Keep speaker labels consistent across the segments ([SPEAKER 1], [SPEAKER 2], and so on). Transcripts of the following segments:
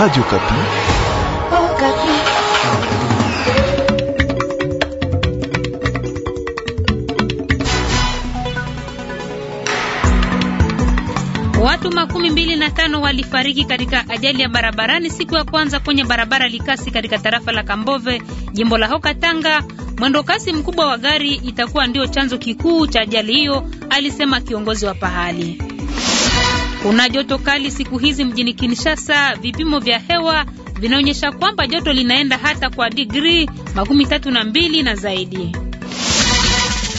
[SPEAKER 1] Radio Okapi.
[SPEAKER 2] Oh, Watu makumi mbili na tano walifariki katika ajali ya barabarani siku ya kwanza kwenye barabara Likasi katika tarafa la Kambove, jimbo la Hoka Tanga. Mwendo kasi mkubwa wa gari itakuwa ndio chanzo kikuu cha ajali hiyo, alisema kiongozi wa pahali. Kuna joto kali siku hizi mjini Kinshasa. Vipimo vya hewa vinaonyesha kwamba joto linaenda hata kwa digrii makumi tatu na mbili na zaidi.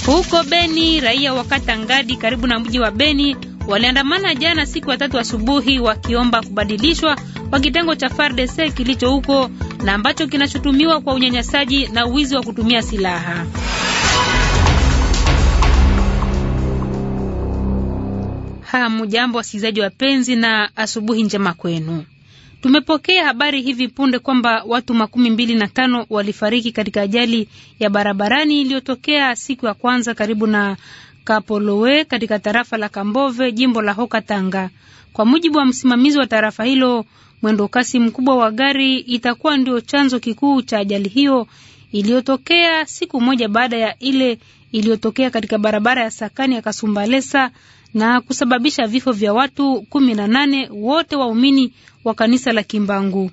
[SPEAKER 2] Huko Beni, raia wa kata Ngadi karibu na mji wa Beni waliandamana jana siku ya tatu asubuhi wa wakiomba kubadilishwa kwa kitengo cha FARDC kilicho huko na ambacho kinashutumiwa kwa unyanyasaji na uwizi wa kutumia silaha. Hamujambo wasikilizaji wapenzi, na asubuhi njema kwenu. Tumepokea habari hivi punde kwamba watu makumi mbili na tano walifariki katika ajali ya barabarani iliyotokea siku ya kwanza karibu na Kapolowe katika tarafa la Kambove, jimbo la Hoka Tanga. Kwa mujibu wa msimamizi wa tarafa hilo, mwendokasi mkubwa wa gari itakuwa ndio chanzo kikuu cha ajali hiyo iliyotokea siku moja baada ya ile iliyotokea katika barabara ya Sakani ya Kasumbalesa na kusababisha vifo vya watu kumi na nane, wote waumini wa kanisa la Kimbangu.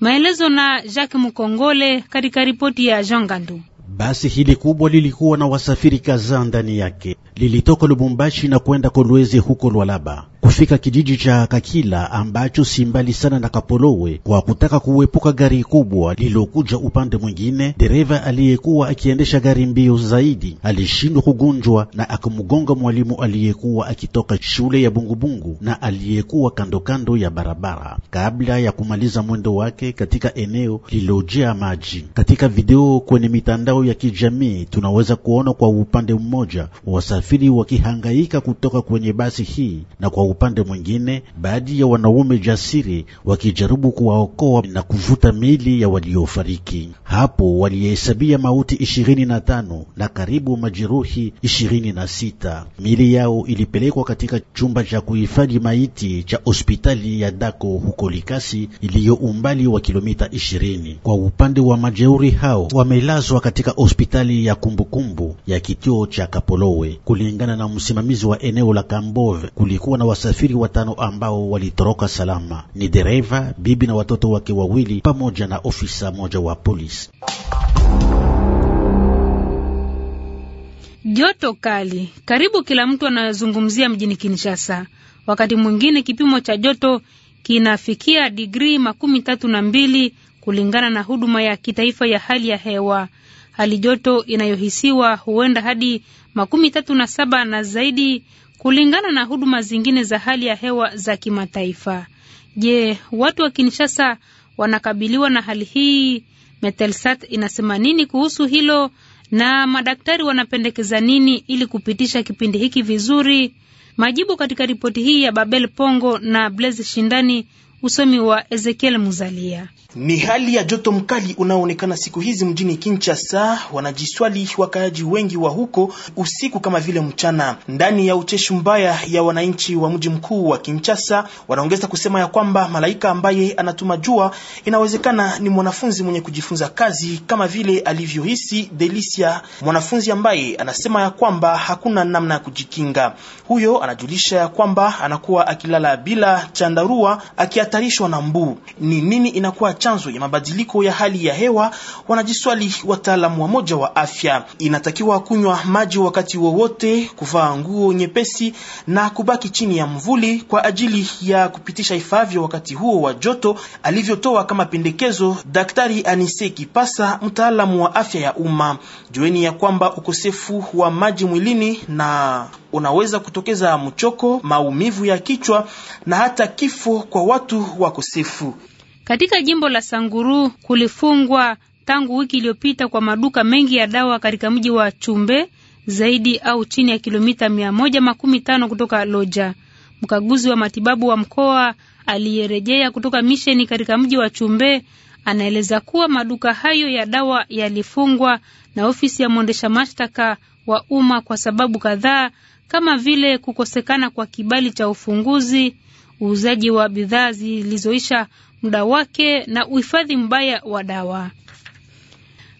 [SPEAKER 2] Maelezo na Jacques Mukongole katika ripoti ya Jean Gandu.
[SPEAKER 3] Basi hili kubwa lilikuwa na wasafiri kadhaa ndani yake, lilitoka Lubumbashi na kwenda Kolwezi huko Lwalaba kufika kijiji cha Kakila ambacho si mbali sana na Kapolowe kwa kutaka kuepuka gari kubwa lilokuja upande mwingine. Dereva aliyekuwa akiendesha gari mbio zaidi alishindwa kugunjwa na akamgonga mwalimu aliyekuwa akitoka shule ya Bungubungu na aliyekuwa kandokando ya barabara kabla ya kumaliza mwendo wake katika eneo lililojaa maji. Katika video kwenye mitandao ya kijamii tunaweza kuona kwa upande mmoja wasafiri wakihangaika kutoka kwenye basi hii na kwa upande mwingine, baadhi ya wanaume jasiri wakijaribu kuwaokoa na kuvuta miili ya waliofariki hapo. Walihesabia mauti ishirini na tano na karibu majeruhi ishirini na sita. Miili yao ilipelekwa katika chumba cha kuhifadhi maiti cha hospitali ya Dako huko Likasi, iliyo umbali wa kilomita ishirini. Kwa upande wa majeuri hao, wamelazwa katika hospitali ya kumbukumbu ya kituo cha Kapolowe. Kulingana na msimamizi wa eneo la Kambove, kulikuwa na wasafiri watano ambao walitoroka salama ni dereva, bibi na watoto wake wawili pamoja na ofisa moja wa polisi.
[SPEAKER 2] Joto kali karibu kila mtu anazungumzia mjini Kinshasa. Wakati mwingine kipimo cha joto kinafikia digrii makumi tatu na mbili kulingana na huduma ya kitaifa ya hali ya hewa. Hali joto inayohisiwa huenda hadi makumi tatu na saba na zaidi kulingana na huduma zingine za hali ya hewa za kimataifa. Je, watu wa Kinshasa wanakabiliwa na hali hii? Metelsat inasema nini kuhusu hilo, na madaktari wanapendekeza nini ili kupitisha kipindi hiki vizuri? Majibu katika ripoti hii ya Babel Pongo na Blaise Shindani Usomi wa Ezekiel Muzalia.
[SPEAKER 4] Ni hali ya joto mkali unaoonekana siku hizi mjini Kinshasa. Wanajiswali wakaaji wengi wa huko usiku kama vile mchana, ndani ya ucheshi mbaya ya wananchi wa mji mkuu wa Kinshasa. Wanaongeza kusema ya kwamba malaika ambaye anatuma jua inawezekana ni mwanafunzi mwenye kujifunza kazi, kama vile alivyohisi Delicia, mwanafunzi ambaye anasema ya kwamba hakuna namna ya kujikinga. Huyo anajulisha ya kwamba anakuwa akilala bila chandarua akiata kuhatarishwa na mbu. Ni nini inakuwa chanzo ya mabadiliko ya hali ya hewa? Wanajiswali wataalamu wa moja wa afya. Inatakiwa kunywa maji wakati wowote, kuvaa nguo nyepesi na kubaki chini ya mvuli kwa ajili ya kupitisha ifaavyo wakati huo wa joto, alivyotoa kama pendekezo Daktari Anise Kipasa, mtaalamu wa afya ya umma. Jueni ya kwamba ukosefu wa maji mwilini na unaweza kutokeza mchoko, maumivu ya kichwa na hata kifo kwa watu
[SPEAKER 5] wakosefu.
[SPEAKER 2] Katika jimbo la Sanguru kulifungwa tangu wiki iliyopita kwa maduka mengi ya dawa katika mji wa Chumbe zaidi au chini ya kilomita mia moja makumi tano kutoka Loja. Mkaguzi wa matibabu wa mkoa aliyerejea kutoka misheni katika mji wa Chumbe anaeleza kuwa maduka hayo ya dawa yalifungwa na ofisi ya mwendesha mashtaka wa umma kwa sababu kadhaa kama vile kukosekana kwa kibali cha ufunguzi, uuzaji wa bidhaa zilizoisha muda wake na uhifadhi mbaya wa dawa.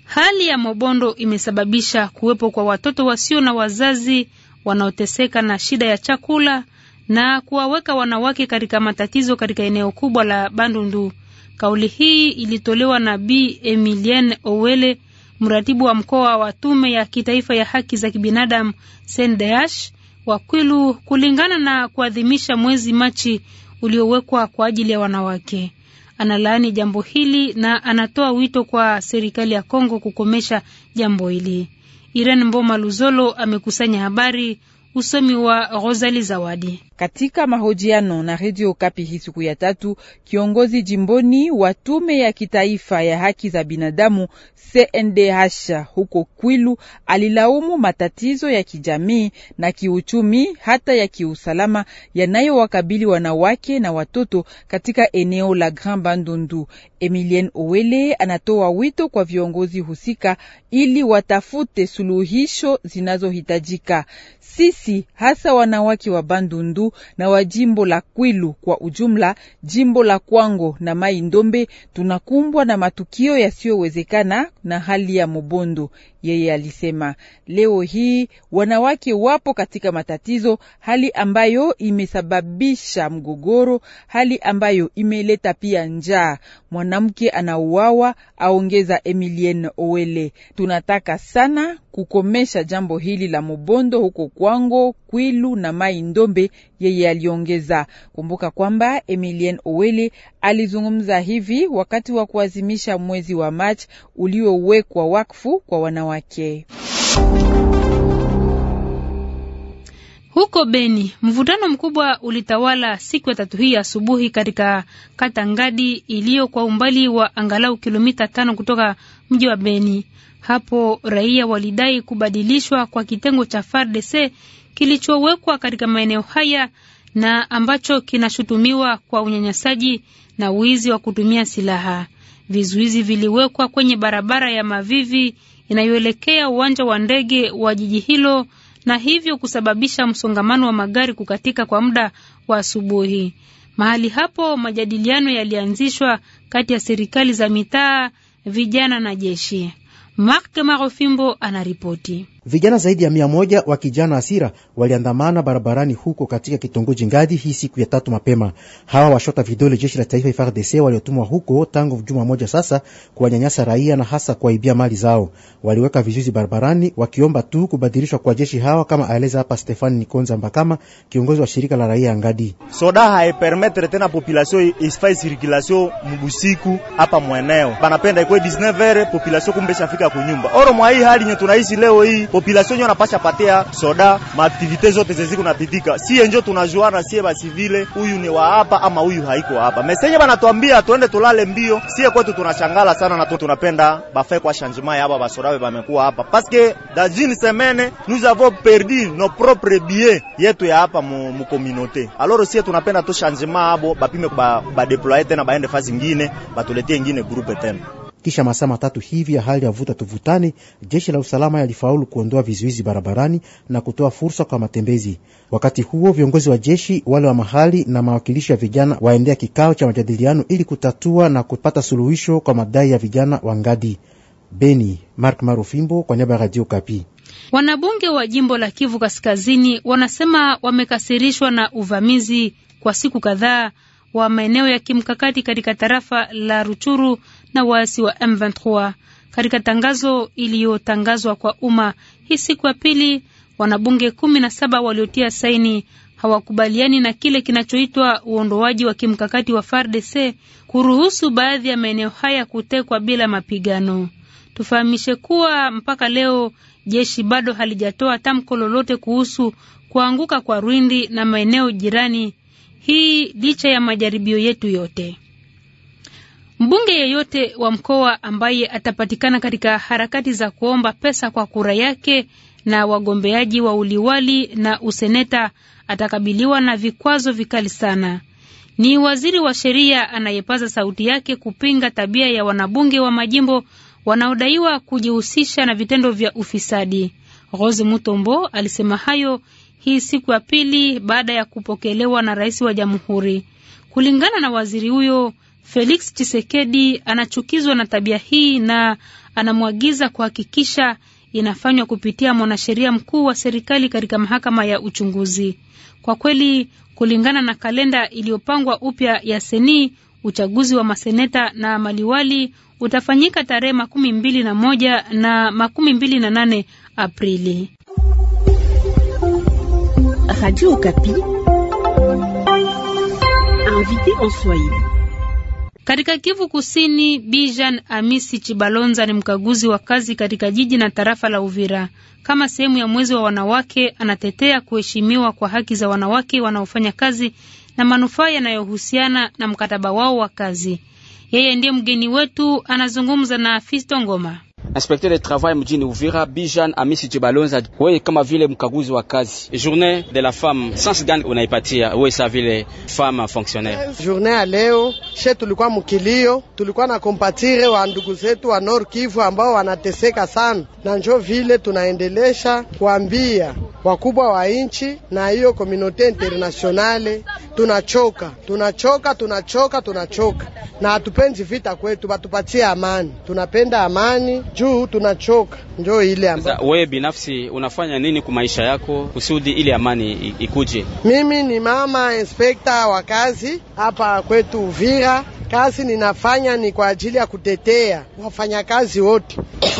[SPEAKER 2] Hali ya Mobondo imesababisha kuwepo kwa watoto wasio na wazazi wanaoteseka na shida ya chakula na kuwaweka wanawake katika matatizo katika eneo kubwa la Bandundu. Kauli hii ilitolewa na Bi Emilienne Owele, mratibu wa mkoa wa tume ya kitaifa ya haki za kibinadamu Sendeash wa Kwilu kulingana na kuadhimisha mwezi Machi uliowekwa kwa ajili ya wanawake. Analaani jambo hili na anatoa wito kwa serikali ya Kongo kukomesha jambo hili. Irene Mboma Luzolo amekusanya habari, usomi wa Rosali Zawadi. Katika mahojiano na redio Kapi hii siku ya tatu,
[SPEAKER 6] kiongozi jimboni wa tume ya kitaifa ya haki za binadamu CNDH huko Kwilu alilaumu matatizo ya kijamii na kiuchumi hata ya kiusalama yanayowakabili wanawake na watoto katika eneo la Grand Bandundu. emilien Owele anatoa wito kwa viongozi husika ili watafute suluhisho zinazohitajika. Sisi hasa wanawake wa Bandundu Kwilu na wa jimbo la Kwilu kwa ujumla, jimbo la Kwango na Mai Ndombe tunakumbwa na matukio yasiyowezekana na hali ya mobondo. Yeye alisema leo hii wanawake wapo katika matatizo, hali ambayo imesababisha mgogoro, hali ambayo imeleta pia njaa. Mwanamke anauawa, aongeza Emilien Owele. Tunataka sana kukomesha jambo hili la mobondo huko Kwango Kwilu na Mai Ndombe, yeye aliongeza. Kumbuka kwamba Emilien Owele alizungumza hivi wakati wa kuazimisha mwezi wa Machi uliowekwa wakfu kwa wanawake.
[SPEAKER 2] Huko Beni, mvutano mkubwa ulitawala siku ya tatu hii asubuhi katika kata Ngadi iliyo kwa umbali wa angalau kilomita tano kutoka mji wa Beni. Hapo raia walidai kubadilishwa kwa kitengo cha FARDC kilichowekwa katika maeneo haya na ambacho kinashutumiwa kwa unyanyasaji na wizi wa kutumia silaha. Vizuizi viliwekwa kwenye barabara ya Mavivi inayoelekea uwanja wa ndege wa jiji hilo na hivyo kusababisha msongamano wa magari kukatika kwa muda wa asubuhi. Mahali hapo majadiliano yalianzishwa kati ya serikali za mitaa, vijana na jeshi. Mark Marofimbo anaripoti.
[SPEAKER 7] Vijana zaidi ya mia moja wa kijana asira waliandamana barabarani huko katika kitongoji Ngadi hii siku ya tatu mapema. Hawa washota vidole jeshi la taifa FARDC waliotumwa huko tangu juma moja sasa kuwanyanyasa raia na hasa kuwaibia mali zao. Waliweka vizuizi barabarani wakiomba tu kubadilishwa kwa jeshi hawa, kama aeleza hapa Stefani Nikonza Mbakama, kiongozi wa shirika la raia Ngadi.
[SPEAKER 4] soda haipermetre tena populasio isifai sirkulation mbusiku hapa mweneo banapenda ikwe 19 kumbe shafika kunyumba oro mwa hii hali nye tunaishi leo hii population nyo napasha patea soda maaktivite zote zeziku napitika, siye njo tunajuana siye basivile, huyu ni wa hapa ama huyu haiko hapa. Mesenye banatuambia tuende tulale mbio, siye kwetu tunashangala sana na tunapenda bafae kwa changement yaba basoda bamekuwa hapa paske dans une semaine nous avons perdu nos propres billets yetu ya hapa mu, mu communauté. Alors siye tunapenda tu changement abo bapime ba, tena baende fasi ngine batuletie ngine groupe tena
[SPEAKER 7] kisha masaa matatu hivi ya hali ya vuta tuvutani, jeshi la usalama yalifaulu kuondoa vizuizi barabarani na kutoa fursa kwa matembezi. Wakati huo viongozi wa jeshi wale wa mahali na mawakilishi ya vijana waendea kikao cha majadiliano ili kutatua na kupata suluhisho kwa madai ya vijana wa Ngadi. Beni, Mark Marufimbo kwa niaba ya Radio Kapi.
[SPEAKER 2] Wanabunge wa jimbo la Kivu Kaskazini wanasema wamekasirishwa na uvamizi kwa siku kadhaa wa maeneo ya kimkakati katika tarafa la Ruchuru na waasi wa M23. Katika tangazo iliyotangazwa kwa umma hii siku ya pili, wanabunge kumi na saba waliotia saini hawakubaliani na kile kinachoitwa uondoaji wa kimkakati wa FARDC kuruhusu baadhi ya maeneo haya kutekwa bila mapigano. Tufahamishe kuwa mpaka leo jeshi bado halijatoa tamko lolote kuhusu kuanguka kwa Rwindi na maeneo jirani hii licha ya majaribio yetu yote. Mbunge yeyote wa mkoa ambaye atapatikana katika harakati za kuomba pesa kwa kura yake na wagombeaji wa uliwali na useneta atakabiliwa na vikwazo vikali sana. Ni waziri wa sheria anayepaza sauti yake kupinga tabia ya wanabunge wa majimbo wanaodaiwa kujihusisha na vitendo vya ufisadi. Rose Mutombo alisema hayo hii siku ya pili baada ya kupokelewa na rais wa jamhuri. Kulingana na waziri huyo, Felix Tshisekedi anachukizwa na tabia hii na anamwagiza kuhakikisha inafanywa kupitia mwanasheria mkuu wa serikali katika mahakama ya uchunguzi. Kwa kweli, kulingana na kalenda iliyopangwa upya ya Seni, uchaguzi wa maseneta na maliwali utafanyika tarehe makumi mbili na moja na makumi mbili na nane Aprili. Radio Okapi. Invité en Swahili. Katika Kivu Kusini, Bijan Amisi Chibalonza ni mkaguzi wa kazi katika jiji na tarafa la Uvira. Kama sehemu ya mwezi wa wanawake, anatetea kuheshimiwa kwa haki za wanawake wanaofanya kazi na manufaa yanayohusiana na mkataba wao wa kazi. Yeye ndiye mgeni wetu, anazungumza na Fisto Ngoma
[SPEAKER 5] inspecteur de travail mjini Uvira Bijan Amisi Jibalonza, wewe kama vile mkaguzi wa kazi, journée de la femme sans gani unaipatia wewe sa vile femme fonctionnaire?
[SPEAKER 8] Eh, journée ya leo she tulikuwa mkilio, tulikuwa na kompatire wa ndugu zetu wa Nord Kivu ambao wanateseka sana, na njo vile tunaendelesha kuambia wakubwa wa nchi na hiyo komunote internationale, tunachoka tunachoka tunachoka tunachoka, na hatupendi vita kwetu, batupatie amani, tunapenda amani juu tunachoka, njo ile ambayo. Sasa
[SPEAKER 5] wewe binafsi unafanya nini kwa maisha yako kusudi ile amani ikuje?
[SPEAKER 8] Mimi ni mama inspekta wa kazi hapa kwetu Uvira. Kazi ninafanya ni kwa ajili ya kutetea wafanyakazi wote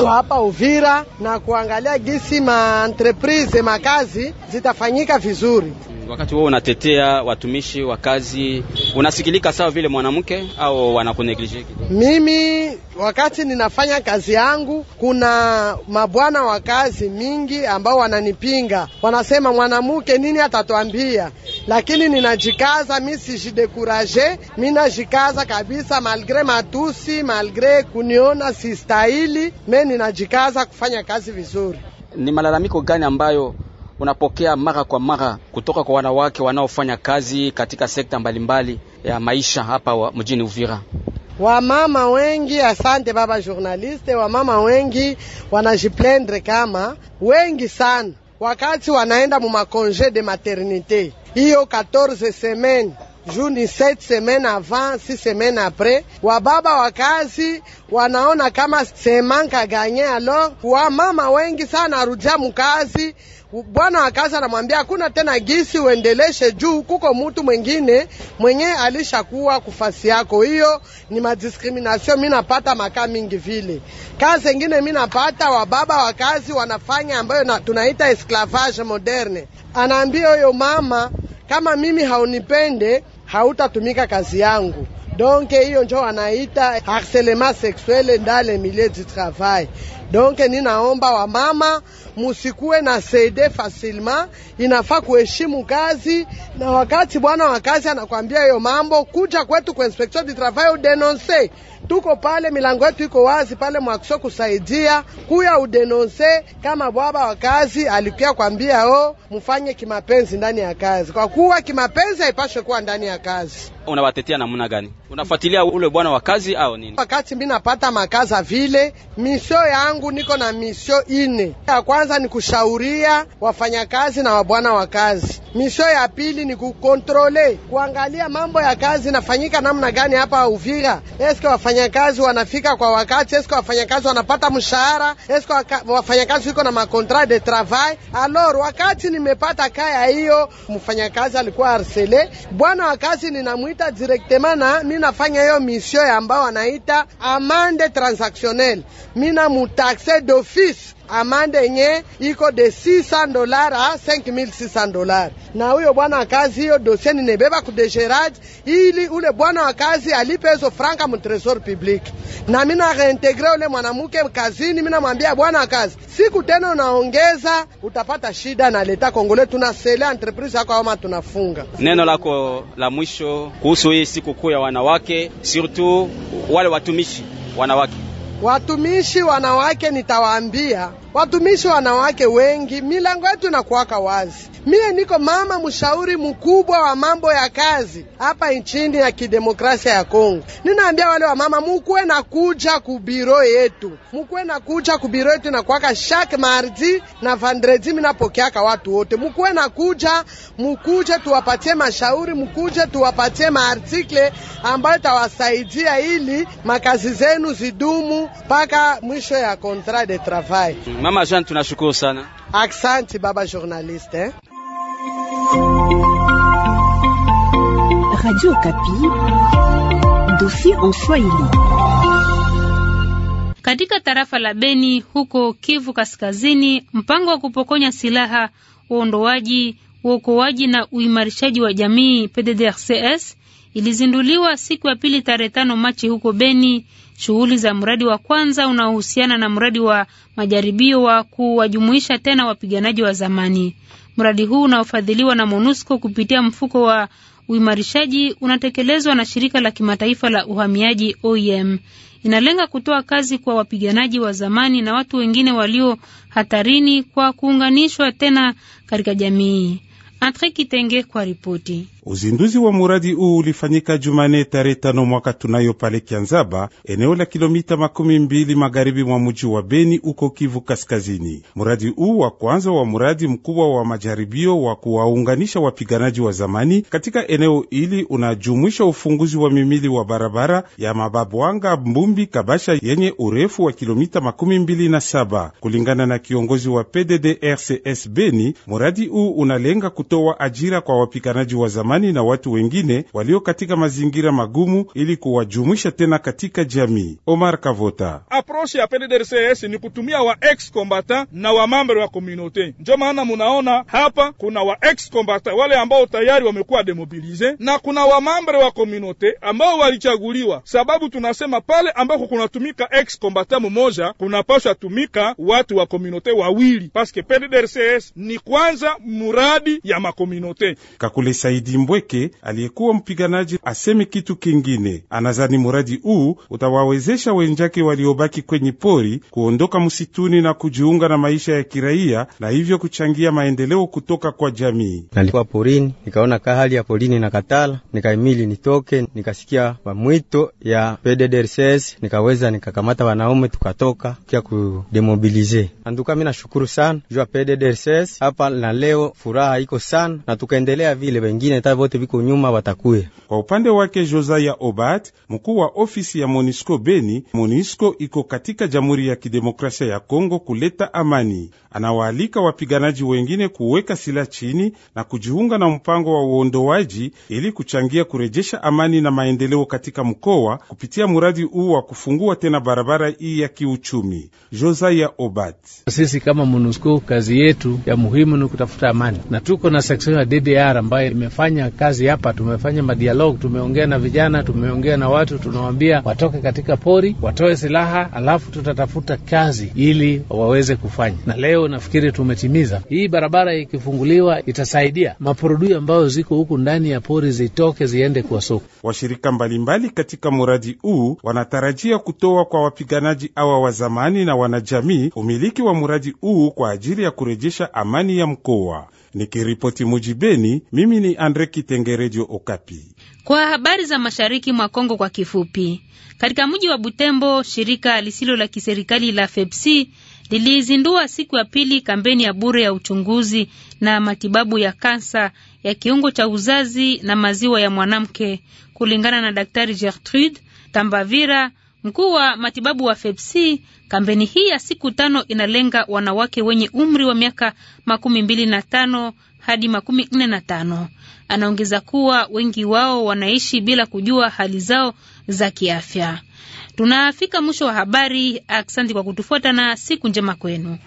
[SPEAKER 8] hapa Uvira na kuangalia gisi ma entreprise makazi zitafanyika vizuri.
[SPEAKER 5] Wakati wewe unatetea watumishi wa kazi, unasikilika sawa vile mwanamke au wanakuneglige?
[SPEAKER 8] Mimi Wakati ninafanya kazi yangu, kuna mabwana wa kazi mingi ambao wananipinga, wanasema mwanamke nini atatwambia, lakini ninajikaza, mi sijidekuraje, mi najikaza kabisa, malgre matusi, malgre kuniona sistahili, me ninajikaza kufanya kazi vizuri.
[SPEAKER 5] Ni malalamiko gani ambayo unapokea mara kwa mara kutoka kwa wanawake wanaofanya kazi katika sekta mbalimbali mbali ya maisha hapa mjini Uvira?
[SPEAKER 8] Wamama wengi, asante baba journaliste, wamama wengi wanajiplendre kama wengi sana wakati wanaenda mu makonje de maternite, hiyo 14 semaine juu ni set semaine avant si semaine après, wababa kazi wanaona kama semanka ganye Alors wamama wengi sana arudia mkazi, bwana wakazi anamwambia hakuna tena gisi uendeleshe, juu kuko mutu mwengine mwenye alishakuwa kufasi yako. Hiyo ni madiskrimination, mi napata makaa mingi vile. Kazi ingine mi napata wababa kazi wanafanya ambayo na, tunaita esclavage moderne. Anaambia huyo mama kama mimi haunipende hautatumika kazi yangu. Donke hiyo njo wanaita harcelement sexuel ndale milieu du travail. Donke ninaomba wamama musikuwe na sede fasilma, inafaa kuheshimu kazi, na wakati bwana wa kazi anakwambia hiyo mambo, kuja kwetu kwa inspection du travail udenonse. Tuko pale, milango yetu iko wazi pale mwakiso kusaidia kuya udenonse, kama bwana wa kazi alikuya kwambia o mfanye kimapenzi ndani ya kazi, kwa kuwa kimapenzi haipaswe kuwa ndani ya kazi.
[SPEAKER 5] Unawatetea namna gani? Unafuatilia ule bwana wa kazi au nini?
[SPEAKER 8] Wakati mimi napata makaza vile misio yangu yangu niko na misio ine. Ya kwanza ni kushauria wafanyakazi na wabwana wa kazi. Misio ya pili ni kukontrole, kuangalia mambo ya kazi nafanyika namna gani hapa Uvira. Eske wafanyakazi wanafika kwa wakati? Eske wafanyakazi wanapata mshahara? Eske wafanyakazi wiko na makontra de travail? Alor, wakati nimepata kaya hiyo, mfanyakazi alikuwa arsele, bwana wa kazi ninamwita direktema, na mi nafanya hiyo misio ambayo anaita amande transactionnel, mi namuta taxe d'office amande yenye iko de 600 dollars a 5600 dollars. Na huyo bwana wa kazi hiyo dosie ninebeba ku degerage, ili ule bwana wa kazi alipe hizo franka mu tresor public. Na mimi na reintegre ule mwanamke kazini, mimi namwambia bwana wa kazi, siku tena unaongeza utapata shida na leta Kongole, tunasele entreprise yako ama tunafunga.
[SPEAKER 5] Neno lako la mwisho kuhusu hii siku kuu ya wanawake, surtout wale watumishi wanawake
[SPEAKER 8] Watumishi wanawake, nitawaambia watumishi wanawake wengi, milango yetu inakuwaka wazi. Mie niko mama mshauri mkubwa wa mambo ya kazi hapa nchini ya kidemokrasia ya Kongo. Ninaambia wale wa mama, mukuwe na kuja kubiro yetu, mukuwe na kuja kubiro yetu inakuwaka shak mardi na vandredi, minapokeaka watu wote, mukuwe na kuja, mukuje tuwapatie mashauri, mukuje tuwapatie maartikle ambayo itawasaidia ili makazi zenu zidumu mpaka mwisho ya contrat de travail.
[SPEAKER 5] Mama Jean, tunashukuru sana.
[SPEAKER 8] Asante baba journaliste eh.
[SPEAKER 2] Radio Okapi, dossier en Swahili. Katika tarafa la Beni huko Kivu Kaskazini, mpango wa kupokonya silaha, uondoaji, uokoaji na uimarishaji wa jamii PDDRCS ilizinduliwa siku ya pili tarehe tano Machi huko Beni Shughuli za mradi wa kwanza unaohusiana na mradi wa majaribio wa kuwajumuisha tena wapiganaji wa zamani. Mradi huu unaofadhiliwa na MONUSCO kupitia mfuko wa uimarishaji unatekelezwa na shirika la kimataifa la uhamiaji OIM. E Inalenga kutoa kazi kwa wapiganaji wa zamani na watu wengine walio hatarini kwa kuunganishwa tena katika jamii. Andre Kitenge kwa ripoti.
[SPEAKER 1] Uzinduzi wa muradi huu ulifanyika Jumane tarehe tano mwaka tunayo pale Kianzaba, eneo la kilomita makumi mbili magharibi mwa mji wa Beni uko Kivu Kaskazini. Muradi huu wa kwanza wa muradi mkubwa wa majaribio wa kuwaunganisha wapiganaji wa zamani katika eneo hili unajumuisha ufunguzi wa mimili wa barabara ya Mababwanga Mbumbi Kabasha yenye urefu wa kilomita makumi mbili na saba kulingana na kiongozi wa PDDRCS Beni. Muradi huu unalenga kutoa ajira kwa wapiganaji wa zamani na watu wengine walio katika mazingira magumu ili kuwajumuisha tena katika jamii. Omar Kavota: aproche ya PDDRCS ni kutumia wa ex kombata na wa mambre wa komunote, njo maana munaona hapa kuna wa ex kombata wale ambao tayari wamekuwa demobilize na kuna wa mambre wa komunote ambao walichaguliwa, sababu tunasema pale ambako kunatumika ex kombata mmoja kunapasha tumika watu wa komunote wawili, paske PDDRCS ni kwanza muradi ya ya makomunote. Kakule Saidi Mbweke aliyekuwa mpiganaji asemi kitu kingine, anazani muradi huu utawawezesha wenjake waliobaki kwenye pori kuondoka msituni na kujiunga na maisha ya kiraia na hivyo kuchangia maendeleo kutoka kwa jamii. Nalikuwa porini nikaona ka hali ya porini na katala, nikaimili nitoke, nikasikia mwito
[SPEAKER 7] ya PDDRCS nikaweza nikakamata wanaume tukatoka kia kudemobilize. Anduka, mimi nashukuru sana jua PDDRCS hapa na leo furaha iko sana na
[SPEAKER 1] tukaendelea vile, wengine ta vote viko nyuma watakuya. Kwa upande wake Josaya Obat, mkuu wa ofisi ya Monisco Beni, Monisco iko katika Jamhuri ya Kidemokrasia ya Kongo kuleta amani. Anawaalika wapiganaji wengine kuweka silaha chini na kujiunga na mpango wa uondoaji ili kuchangia kurejesha amani na maendeleo katika mkoa kupitia mradi huu wa kufungua tena barabara hii ya kiuchumi. Josaya Obat:
[SPEAKER 3] sisi kama Monusco kazi yetu ya muhimu ni kutafuta amani na tuko na section ya DDR ambayo imefanya kazi hapa. Tumefanya madialogue, tumeongea na vijana, tumeongea na watu, tunawaambia watoke katika pori, watoe silaha, alafu tutatafuta kazi ili waweze kufanya. Na leo nafikiri tumetimiza hii. Barabara ikifunguliwa itasaidia maprodui
[SPEAKER 1] ambayo ziko huku ndani ya pori zitoke ziende kwa soko. Washirika mbalimbali katika muradi huu wanatarajia kutoa kwa wapiganaji hawa wa zamani na wanajamii umiliki wa muradi huu kwa ajili ya kurejesha amani ya mkoa. Nikiripoti Mujibeni, mimi ni Andre Kitenge, Redio Okapi.
[SPEAKER 2] Kwa habari za mashariki mwa Kongo kwa kifupi, katika mji wa Butembo, shirika lisilo la kiserikali la FEPSI lilizindua siku ya pili kampeni ya bure ya uchunguzi na matibabu ya kansa ya kiungo cha uzazi na maziwa ya mwanamke, kulingana na Daktari Gertrude Tambavira, Mkuu wa matibabu wa FEPSI, kampeni hii ya siku tano inalenga wanawake wenye umri wa miaka makumi mbili na tano hadi makumi nne na tano. Anaongeza kuwa wengi wao wanaishi bila kujua hali zao za kiafya. Tunafika mwisho wa habari. Asante kwa kutufuata na siku njema kwenu.